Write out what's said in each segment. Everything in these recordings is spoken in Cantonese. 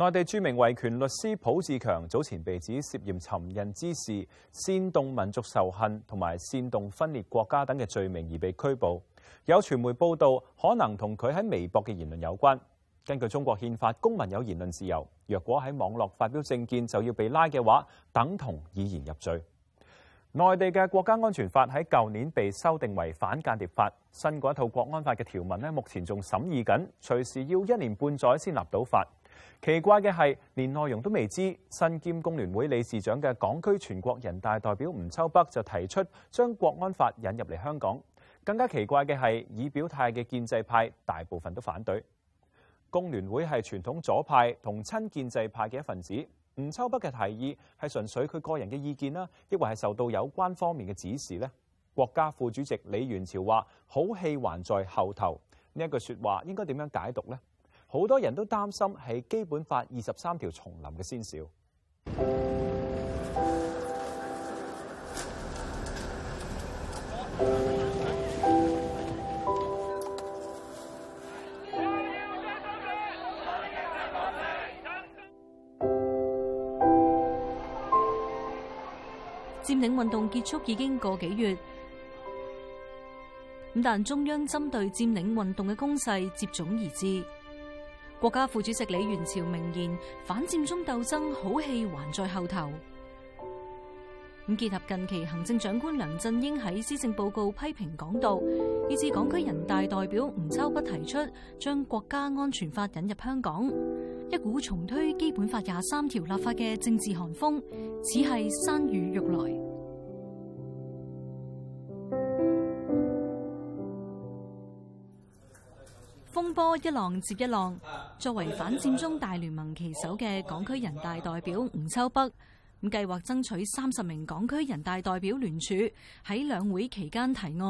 內地著名維權律師浦志強早前被指涉嫌尋釁滋事、煽動民族仇恨同埋煽動分裂國家等嘅罪名而被拘捕，有傳媒報道可能同佢喺微博嘅言論有關。根據中國憲法，公民有言論自由，若果喺網絡發表政見就要被拉嘅話，等同以言入罪。內地嘅國家安全法喺舊年被修訂為反間諜法，新嗰一套國安法嘅條文咧，目前仲審議緊，隨時要一年半載先立到法。奇怪嘅係，連內容都未知。身兼工聯會理事長嘅港區全國人大代表吳秋北就提出將國安法引入嚟香港。更加奇怪嘅係，已表態嘅建制派大部分都反對。工聯會係傳統左派同親建制派嘅一份子。吳秋北嘅提議係純粹佢個人嘅意見啦，亦或係受到有關方面嘅指示呢？國家副主席李源潮話：好戲還在後頭。呢一句說話應該點樣解讀呢？好多人都擔心係《基本法》二十三條重臨嘅先兆。佔領運動結束已經個幾月，咁但中央針對佔領運動嘅攻勢接踵而至。國家副主席李源潮明言，反佔中鬥爭好戲還在後頭。咁結合近期行政長官梁振英喺施政報告批評港道，以至港區人大代表吳秋北提出將國家安全法引入香港，一股重推基本法廿三條立法嘅政治寒風，只係山雨欲來。一浪接一浪，作為反佔中大聯盟旗手嘅港區人大代表吳秋北，咁計劃爭取三十名港區人大代表聯署喺兩會期間提案，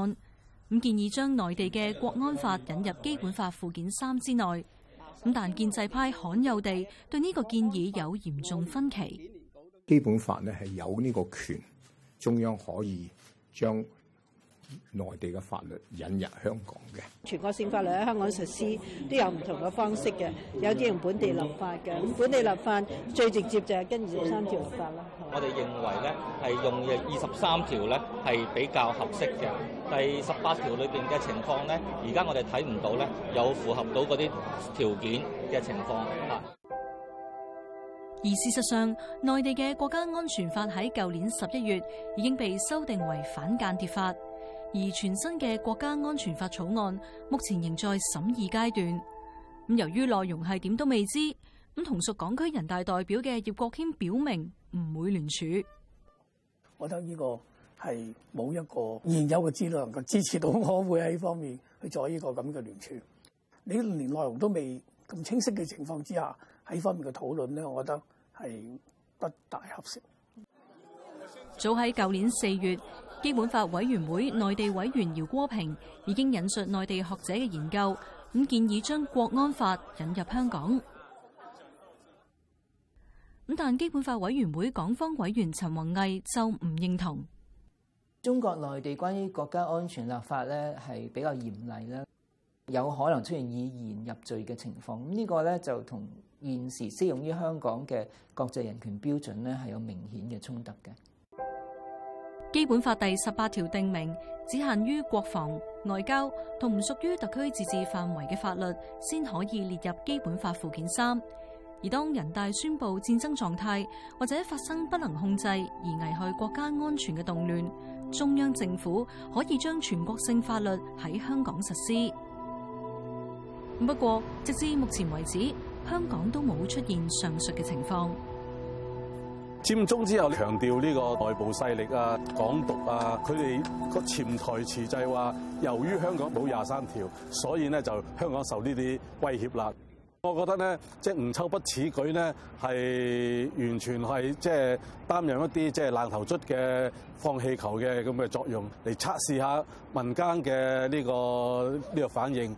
咁建議將內地嘅國安法引入基本法附件三之內，咁但建制派罕有地對呢個建議有嚴重分歧。基本法呢係有呢個權，中央可以將。內地嘅法律引入香港嘅全國性法律喺香港實施都有唔同嘅方式嘅，有啲用本地立法嘅。本地立法最直接就係跟二十三條立法啦。我哋認為咧係用二十三條咧係比較合適嘅。第十八條裏邊嘅情況咧，而家我哋睇唔到咧有符合到嗰啲條件嘅情況嚇。而事實上，內地嘅國家安全法喺舊年十一月已經被修訂為反間諜法。而全新嘅國家安全法草案目前仍在審議階段。咁由於內容係點都未知，咁同屬港區人大代表嘅葉國謙表明唔會聯署。我覺得呢個係冇一個現有嘅資料能夠支持到我會喺呢方面去做呢個咁嘅聯署。你連內容都未咁清晰嘅情況之下喺呢方面嘅討論咧，我覺得係不大合適。早喺舊年四月。基本法委員會內地委員饒戈平已經引述內地學者嘅研究，咁建議將國安法引入香港。咁但基本法委員會港方委員陳弘毅就唔認同。中國內地關於國家安全立法咧係比較嚴厲啦，有可能出現以言入罪嘅情況。呢個咧就同現時適用於香港嘅國際人權標準咧係有明顯嘅衝突嘅。基本法第十八條定明只限於國防、外交同唔屬於特區自治範圍嘅法律，先可以列入基本法附件三。而當人大宣布戰爭狀態或者發生不能控制而危害國家安全嘅動亂，中央政府可以將全國性法律喺香港實施。不過，直至目前為止，香港都冇出現上述嘅情況。佔中之後，強調呢個內部勢力啊、港獨啊，佢哋個潛台詞就係話：由於香港冇廿三條，所以呢就香港受呢啲威脅啦。我覺得呢，即係吳秋北此舉呢，係完全係即係擔任一啲即係爛頭卒嘅放氣球嘅咁嘅作用，嚟測試下民間嘅呢個呢個個反應。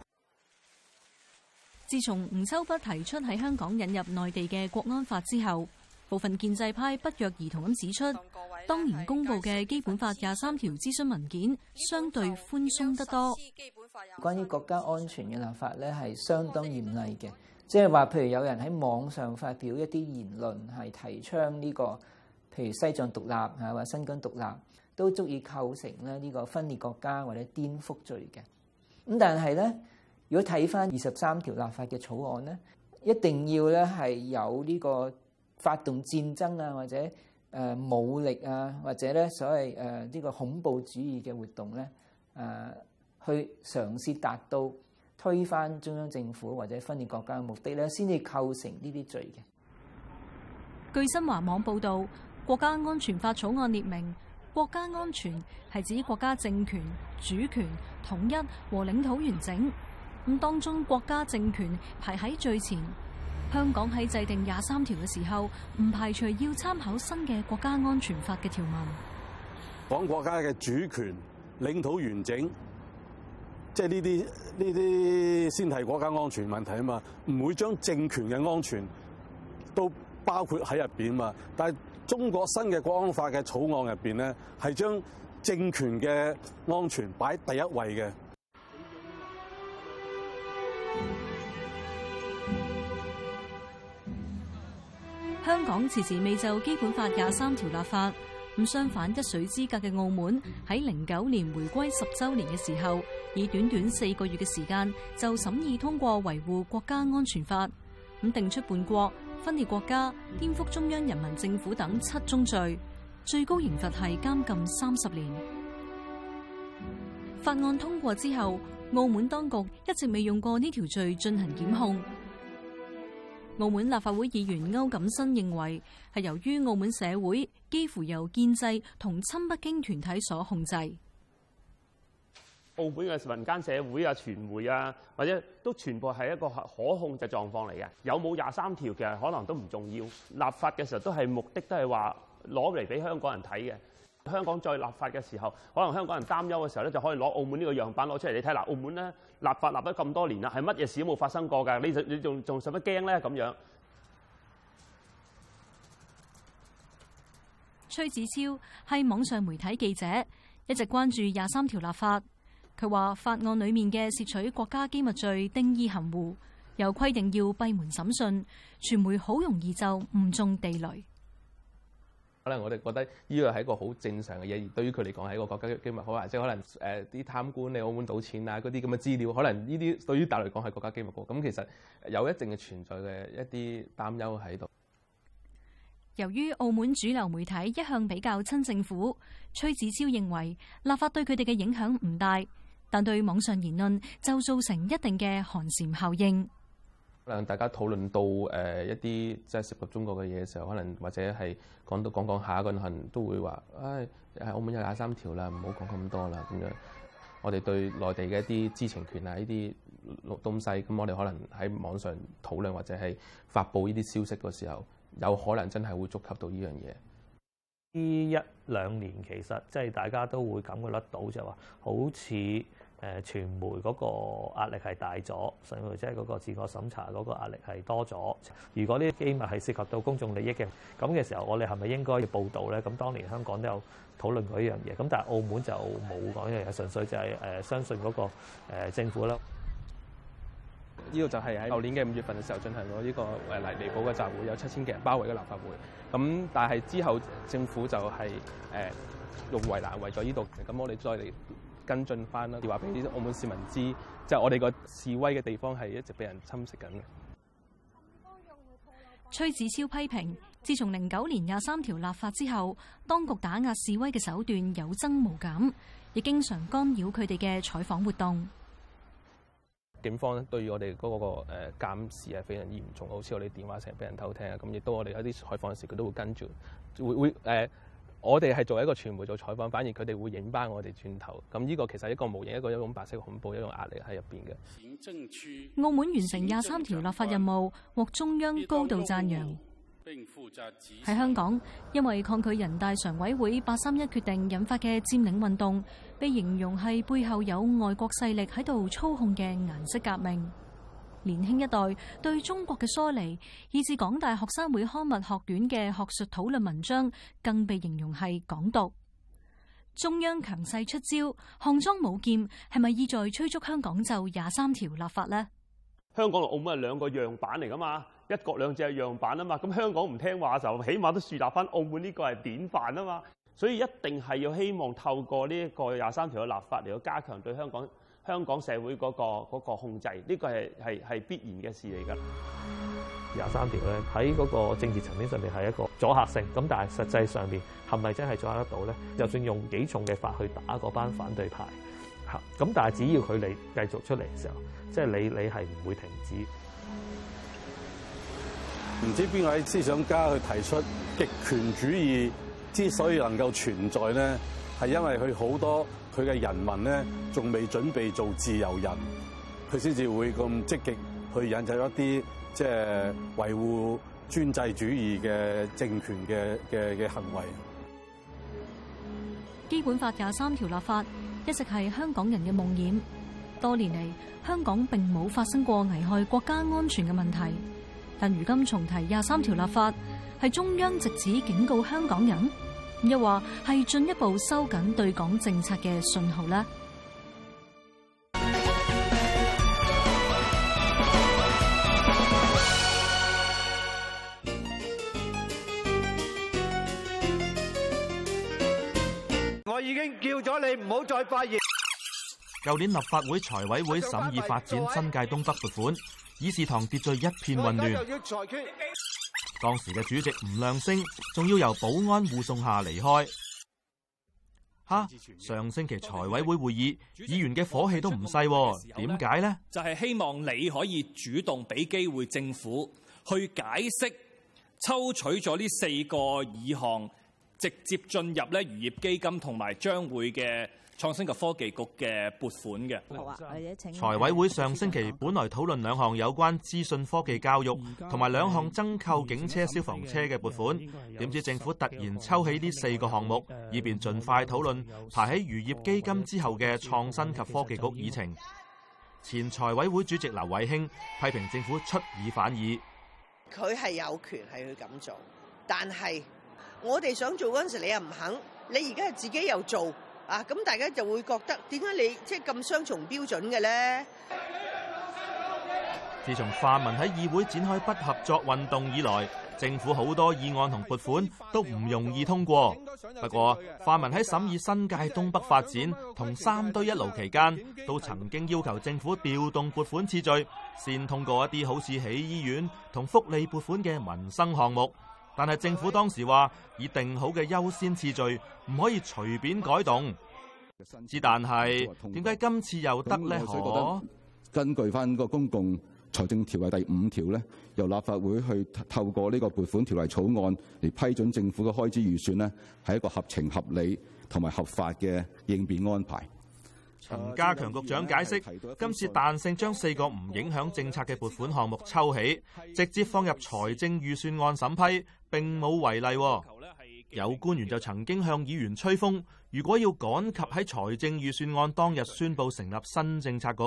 自從吳秋北提出喺香港引入內地嘅國安法之後，部分建制派不約而同咁指出，當年公布嘅《基本法》廿三條諮詢文件相對寬鬆得多。關於國家安全嘅立法咧，係相當嚴厲嘅，即係話，譬如有人喺網上發表一啲言論，係提倡呢個，譬如西藏獨立吓或者新疆獨立，都足以構成咧呢個分裂國家或者顛覆罪嘅。咁但係咧，如果睇翻二十三條立法嘅草案咧，一定要咧係有呢個。發動戰爭啊，或者誒武力啊，或者咧所謂，誒呢個恐怖主義嘅活動咧，誒去嘗試達到推翻中央政府或者分裂國家嘅目的咧，先至構成呢啲罪嘅。據新華網報導，《國家安全法》草案列明，國家安全係指國家政權、主權、統一和領土完整。咁當中，國家政權排喺最前。香港喺制定廿三條嘅時候，唔排除要參考新嘅國家安全法嘅條文。講國家嘅主權領土完整，即係呢啲呢啲先係國家安全問題啊嘛，唔會將政權嘅安全都包括喺入邊啊嘛。但係中國新嘅國安法嘅草案入邊咧，係將政權嘅安全擺第一位嘅。香港遲遲未就《基本法》廿三條立法，咁相反一水之隔嘅澳門喺零九年回歸十周年嘅時候，以短短四個月嘅時間就審議通過《維護國家安全法》，咁定出叛國、分裂國家、顛覆中央人民政府等七宗罪，最高刑罰係監禁三十年。法案通過之後，澳門當局一直未用過呢條罪進行檢控。澳門立法會議員歐錦新認為，係由於澳門社會幾乎由建制同親北京團體所控制。澳門嘅民間社會啊、傳媒啊，或者都全部係一個可控制狀況嚟嘅。有冇廿三條嘅，可能都唔重要。立法嘅時候都係目的都係話攞嚟俾香港人睇嘅。香港再立法嘅時候，可能香港人擔憂嘅時候咧，就可以攞澳門呢個樣板攞出嚟你睇。嗱，澳門呢立法立咗咁多年啦，係乜嘢事都冇發生過噶，你你仲仲使乜驚呢？咁樣，崔子超係網上媒體記者，一直關注廿三條立法。佢話法案裏面嘅竊取國家機密罪定義含糊，又規定要閉門審訊，傳媒好容易就誤中地雷。可能我哋覺得呢個係一個好正常嘅嘢，而對於佢嚟講係一個國家機密。好能即係可能誒啲貪官咧，澳門賭錢啊嗰啲咁嘅資料，可能呢啲對於大陸嚟講係國家機密喎。咁其實有一定嘅存在嘅一啲擔憂喺度。由於澳門主流媒體一向比較親政府，崔子超認為立法對佢哋嘅影響唔大，但對網上言論就造成一定嘅寒蟬效應。可能大家討論到誒一啲即係涉及中國嘅嘢嘅時候，可能或者係講到講講下一個人都會話：唉、哎，係澳門有廿三條啦，唔好講咁多啦。咁樣，我哋對內地嘅一啲知情權啊，呢啲東西，咁我哋可能喺網上討論或者係發布呢啲消息嘅時候，有可能真係會觸及到呢樣嘢。呢一兩年其實即係大家都會感覺得到，就係話好似。誒、呃、傳媒嗰個壓力係大咗，甚至係嗰個自我審查嗰個壓力係多咗。如果呢啲機密係涉及到公眾利益嘅咁嘅時候，我哋係咪應該要報導咧？咁當年香港都有討論過一樣嘢，咁但係澳門就冇講一樣嘢，純粹就係、是、誒、呃、相信嗰、那個、呃、政府咯。呢度就係喺舊年嘅五月份嘅時候進行咗呢個誒離補嘅集會，有七千幾人包圍嘅立法會。咁但係之後政府就係、是、誒、呃、用圍欄圍咗呢度，咁我哋再嚟。跟進翻啦，話俾啲澳門市民知，即係我哋個示威嘅地方係一直俾人侵蝕緊嘅。崔子超批評，自從零九年廿三條立法之後，當局打壓示威嘅手段有增無減，亦經常干擾佢哋嘅採訪活動。警方咧，對於我哋嗰個誒監視係非常嚴重，好似我哋電話成日俾人偷聽啊，咁亦都我哋一啲採訪時佢都會跟住，會會誒。呃我哋係作為一個傳媒做採訪，反而佢哋會影翻我哋轉頭。咁呢個其實係一個模型，一個一種白色恐怖，一種壓力喺入邊嘅。澳門完成廿三條立法任務，獲中央高度讚揚。喺香港，因為抗拒人大常委會八三一決定引發嘅佔領運動，被形容係背後有外國勢力喺度操控嘅顏色革命。年輕一代對中國嘅疏離，以至港大學生會刊物學院嘅學術討論文章，更被形容係港獨。中央強勢出招，項莊舞劍，係咪意在催促香港就廿三條立法呢？香港同澳門係兩個樣板嚟噶嘛，一國兩制係樣板啊嘛，咁香港唔聽話就起碼都樹立翻澳門呢個係典範啊嘛，所以一定係要希望透過呢個廿三條嘅立法嚟到加強對香港。香港社會嗰個嗰個控制，呢個係係係必然嘅事嚟噶。廿三條咧，喺嗰個政治層面上面係一個阻嚇性，咁但係實際上面係咪真係阻嚇得到咧？就算用幾重嘅法去打嗰班反對派，嚇，咁但係只要佢哋繼續出嚟嘅時候，即係你你係唔會停止。唔知邊位思想家去提出極權主義之所以能夠存在咧？係因為佢好多佢嘅人民呢，仲未準備做自由人，佢先至會咁積極去引致一啲即係維護專制主義嘅政權嘅嘅嘅行為。基本法廿三條立法一直係香港人嘅夢魘。多年嚟，香港並冇發生過危害國家安全嘅問題，但如今重提廿三條立法，係中央直指警告香港人。又話係進一步收緊對港政策嘅信號啦。我已經叫咗你唔好再發言。舊年立法會財委會審議發展新界東北撥款，議事堂秩序一片混亂。當時嘅主席吳亮星，仲要由保安護送下離開。嚇，上星期財委會會議，議員嘅火氣都唔細，點解呢？就係希望你可以主動俾機會政府去解釋，抽取咗呢四個議項，直接進入呢漁業基金同埋將會嘅。創新及科技局嘅撥款嘅、啊，財委會上星期本來討論兩項有關資訊科技教育同埋兩項增購警車、消防車嘅撥款，點知政府突然抽起呢四個項，項目，以便盡快討論排喺漁業基金之後嘅創新及科技局議程。前財委會主席劉慧卿批評政府出爾反爾，佢係有權係去咁做，但係我哋想做嗰陣時，你又唔肯，你而家係自己又做。啊！咁大家就會覺得點解你即係咁雙重標準嘅咧？自從泛民喺議會展開不合作運動以來，政府好多議案同撥款都唔容易通過。不過，泛民喺審議新界東北發展同三堆一爐期間，都曾經要求政府調動撥款次序，先通過一啲好似起醫院同福利撥款嘅民生項目。但係政府當時話以定好嘅優先次序唔可以隨便改動，之但係點解今次又得咧？根據翻個公共財政條例第五條咧，由立法會去透過呢個撥款條例草案嚟批准政府嘅開支預算咧，係一個合情合理同埋合法嘅應變安排。陳家強局長解釋，今次彈性將四個唔影響政策嘅撥款項目抽起，直接放入財政預算案審批，並冇違例。有官員就曾經向議員吹風，如果要趕及喺財政預算案當日宣布成立新政策局，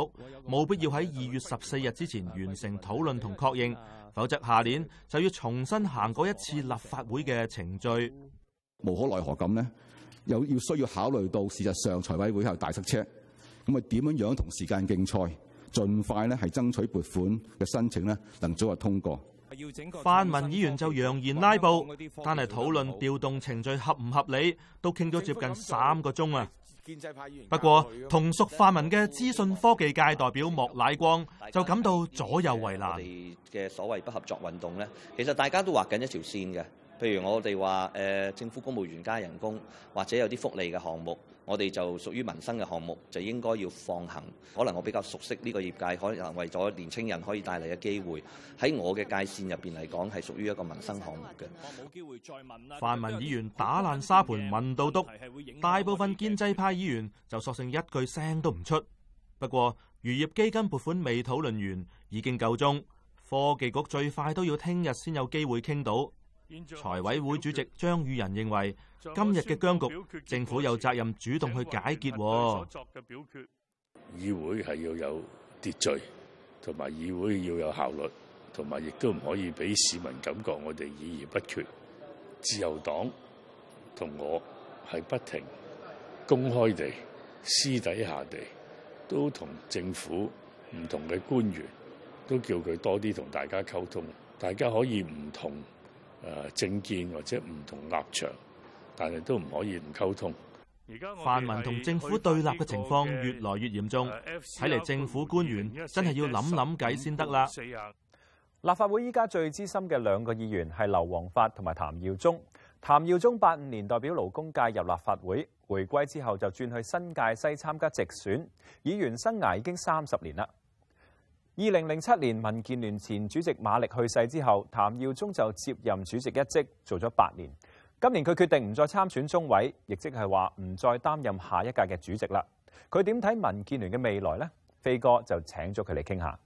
冇必要喺二月十四日之前完成討論同確認，否則下年就要重新行過一次立法會嘅程序。無可奈何咁呢？又要需要考慮到事實上財委會係大塞車。咁啊，點樣樣同時間競賽，盡快咧係爭取撥款嘅申請咧，能早日通過。泛民議員就揚言拉布，乖乖，但係討論調動程序合唔合理，都傾咗接近三個鐘啊。不過，同屬泛民嘅資訊科技界代表莫乃光就感到左右為難。我哋嘅所謂不合作運動咧，其實大家都畫緊一條線嘅。譬如我哋話誒政府公務員加人工，或者有啲福利嘅項目。我哋就屬於民生嘅項目，就應該要放行。可能我比較熟悉呢個業界，可能為咗年青人可以帶嚟嘅機會，喺我嘅界線入面嚟講，係屬於一個民生項目嘅。泛民議員打爛沙盤問到篤，大部分建制派議員就索性一句聲都唔出。不過漁業基金撥款未討論完，已經夠鐘。科技局最快都要聽日先有機會傾到。財委會主席張宇人認為，今日嘅僵局，政府有責任主動去解決。作嘅表決，議會係要有秩序，同埋議會要有效率，同埋亦都唔可以俾市民感覺我哋議而不決。自由黨同我係不停公開地、私底下地都同政府唔同嘅官員都叫佢多啲同大家溝通，大家可以唔同，誒，政見或者唔同立場，但係都唔可以唔溝通。泛民同政府對立嘅情況越來越嚴重，睇嚟政府官員真係要諗諗計先得啦。立法會依家最資深嘅兩個議員係劉皇發同埋譚耀宗。譚耀宗八五年代表勞工界入立法會，回歸之後就轉去新界西參加直選，議員生涯已經三十年啦。二零零七年，民建聯前主席馬力去世之後，譚耀宗就接任主席一職，做咗八年。今年佢決定唔再參選中委，亦即係話唔再擔任下一屆嘅主席啦。佢點睇民建聯嘅未來呢？飛哥就請咗佢嚟傾下。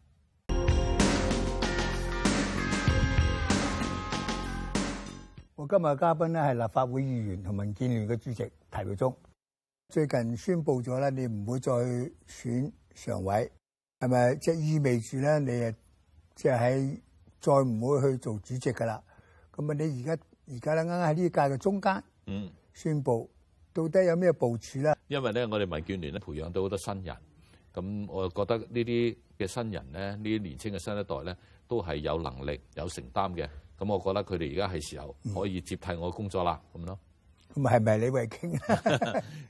我今日嘉賓咧係立法會議員同民建聯嘅主席譚耀宗。最近宣布咗咧，你唔會再選常委。係咪即係意味住咧？你即係喺再唔會去做主席噶啦？咁啊，你而家而家咧，啱啱喺呢屆嘅中間，嗯，宣布到底有咩部署咧？嗯、因為咧，我哋民建聯咧培養到好多新人，咁我又覺得呢啲嘅新人咧，呢啲年輕嘅新一代咧，都係有能力有承擔嘅。咁，我覺得佢哋而家係時候可以接替我嘅工作啦。咁、嗯、咯。咁係咪李慧瓊？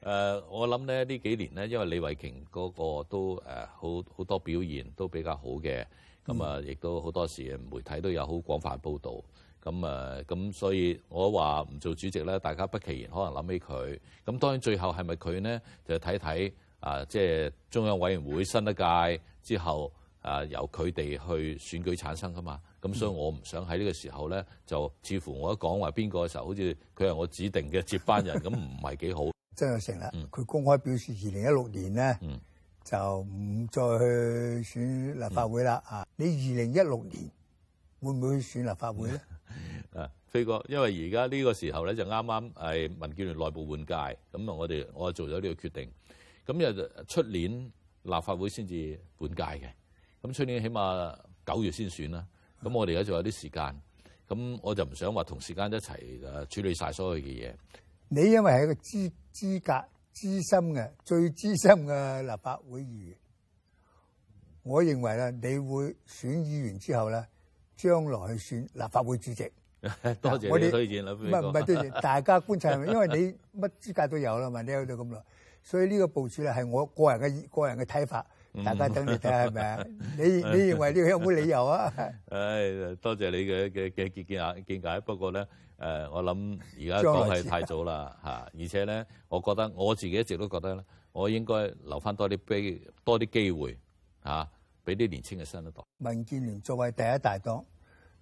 誒 我諗咧呢幾年咧，因為李慧瓊嗰個都誒好好多表現都比較好嘅，咁啊亦都好多時媒體都有好廣泛報道，咁啊咁所以我話唔做主席咧，大家不其然可能諗起佢，咁當然最後係咪佢咧，就睇睇啊，即係中央委員會新一屆之後啊，由佢哋去選舉產生㗎嘛。咁所以我唔想喺呢個時候咧，就似乎我一講話邊個嘅時候，好似佢係我指定嘅接班人，咁唔係幾好。曾鈺成、啊，佢、嗯、公開表示二零一六年咧、嗯、就唔再去選立法會啦。啊、嗯，你二零一六年會唔會去選立法會咧？啊、嗯， 飛哥，因為而家呢個時候咧就啱啱係民建聯內部換屆，咁啊，我哋我做咗呢個決定。咁又出年立法會先至換屆嘅，咁出年起碼九月先選啦。咁我哋而家仲有啲時間，咁我就唔想話同時間一齊誒處理晒所有嘅嘢。你因為係一個資資格資深嘅最資深嘅立法會議員，我認為咧，你會選議員之後咧，將來去選立法會主席。 多謝你推薦。唔係唔係，多謝大家觀察，因為你乜資格都有啦，嘛，你去到咁耐，所以呢個部署咧係我個人嘅個人嘅睇法。大家等住睇下係咪？你你認為呢個有冇理由啊？唉、 哎，多謝你嘅嘅嘅見見見解。不過咧，誒，我諗而家講係太早啦吓。而且咧，我覺得我自己一直都覺得咧，我應該留翻多啲機多啲機會吓，俾、啊、啲年輕嘅新一代。民建聯作為第一大黨，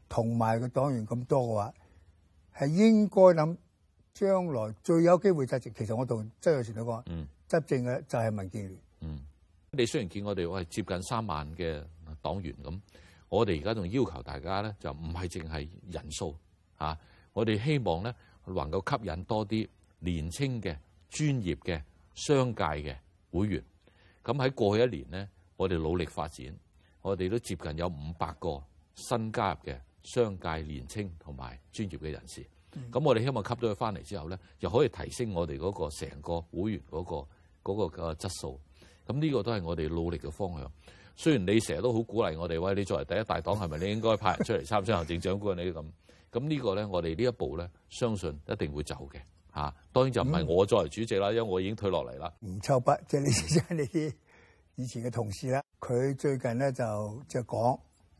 同埋個黨員咁多嘅話，係應該諗將來最有機會執政，其實我同曾鈺成都講，嗯，執政嘅就係民建聯。你雖然見我哋係接近三萬嘅黨員咁，我哋而家仲要求大家咧，就唔係淨係人數嚇，我哋希望咧能夠吸引多啲年青嘅專業嘅商界嘅會員。咁喺過去一年咧，我哋努力發展，我哋都接近有五百個新加入嘅商界年青同埋專業嘅人士。咁我哋希望吸到佢翻嚟之後咧，就可以提升我哋嗰個成個會員嗰個嗰個嘅質素。咁呢個都係我哋努力嘅方向。雖然你成日都好鼓勵我哋，喂，你作為第一大黨，係咪你應該派人出嚟參選行政長官？ 你啲咁？咁呢個咧，我哋呢一步咧，相信一定會走嘅。嚇、啊，當然就唔係我作為主席啦，因為我已經退落嚟啦。吳秋北，即係你將你啲以前嘅同事啦，佢最近咧就即係講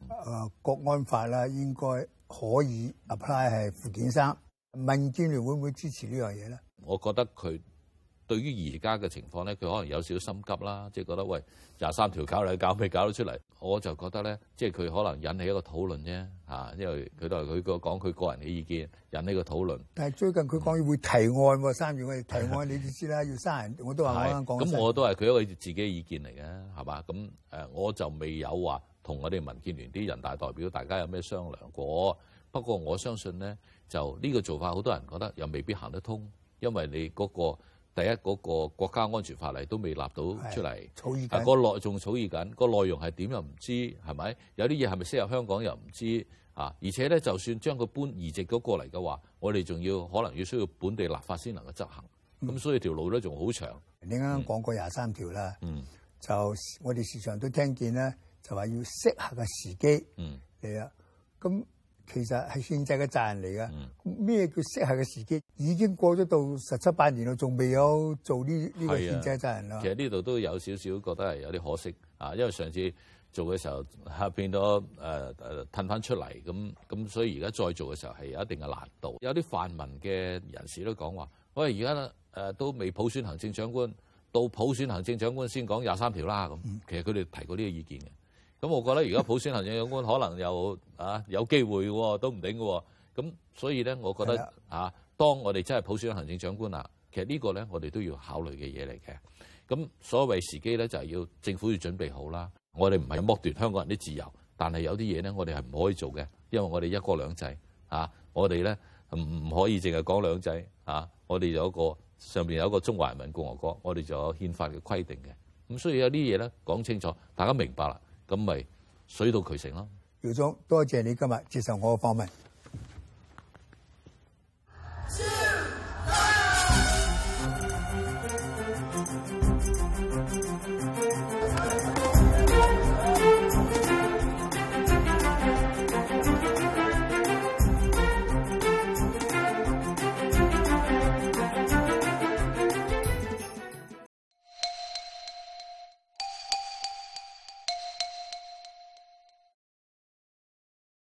誒國安法啦，應該可以 apply 係附件三。民建聯會唔會支持呢樣嘢咧？我覺得佢。對於而家嘅情況咧，佢可能有少少心急啦，即係覺得喂廿三條搞嚟搞未搞到出嚟，我就覺得咧，即係佢可能引起一個討論啫嚇，因為佢都係佢個講佢個人嘅意見，引起個討論。但係最近佢講要會提案三、嗯啊、月我哋提案，你就知啦， 要三人我都話 我講咁我都係佢一個自己嘅意見嚟嘅，係嘛？咁誒，我就未有話同我哋民建聯啲人大代表大家有咩商量過。不過我相信咧，就呢個做法，好多人覺得又未必行得通，因為你嗰、那個。第一嗰、嗰個國家安全法例都未立到出嚟，個、啊、內仲草擬緊，個內容係點又唔知係咪？有啲嘢係咪適合香港又唔知啊！而且咧，就算將佢搬移植咗過嚟嘅話，我哋仲要可能要需要本地立法先能夠執行，咁、嗯、所以條路咧仲好長。你啱啱講過廿三條啦，嗯、就我哋時常都聽見咧，就話要適合嘅時機嚟啊！咁、嗯其實係憲制嘅責任嚟嘅，咩叫適合嘅時機？已經過咗到十七八年啦，仲未有做呢呢、呢個憲制嘅責任啦。其實呢度都有少少覺得係有啲可惜啊，因為上次做嘅時候嚇變咗誒褪翻出嚟，咁咁所以而家再做嘅時候係有一定嘅難度。有啲泛民嘅人士都講話：喂，而家誒都未普選行政長官，到普選行政長官先講廿三條啦。咁、啊、其實佢哋提過呢個意見嘅。咁我覺得如果普選行政長官可能又啊有機會都唔定嘅喎。咁所以咧，我覺得的啊，當我哋真係普選行政長官啦，其實這個呢個咧，我哋都要考慮嘅嘢嚟嘅。咁所謂時機咧，就係、是、要政府要準備好啦。我哋唔係剝奪香港人啲自由，但係有啲嘢咧，我哋係唔可以做嘅，因為我哋一國兩制啊。我哋咧唔唔可以淨係講兩制啊。我哋有一個上邊有一個中華人民共和國，我哋就有憲法嘅規定嘅。咁所以有啲嘢咧講清楚，大家明白啦。咁咪水到渠成咯，姚總，多謝你今日接受我嘅訪問。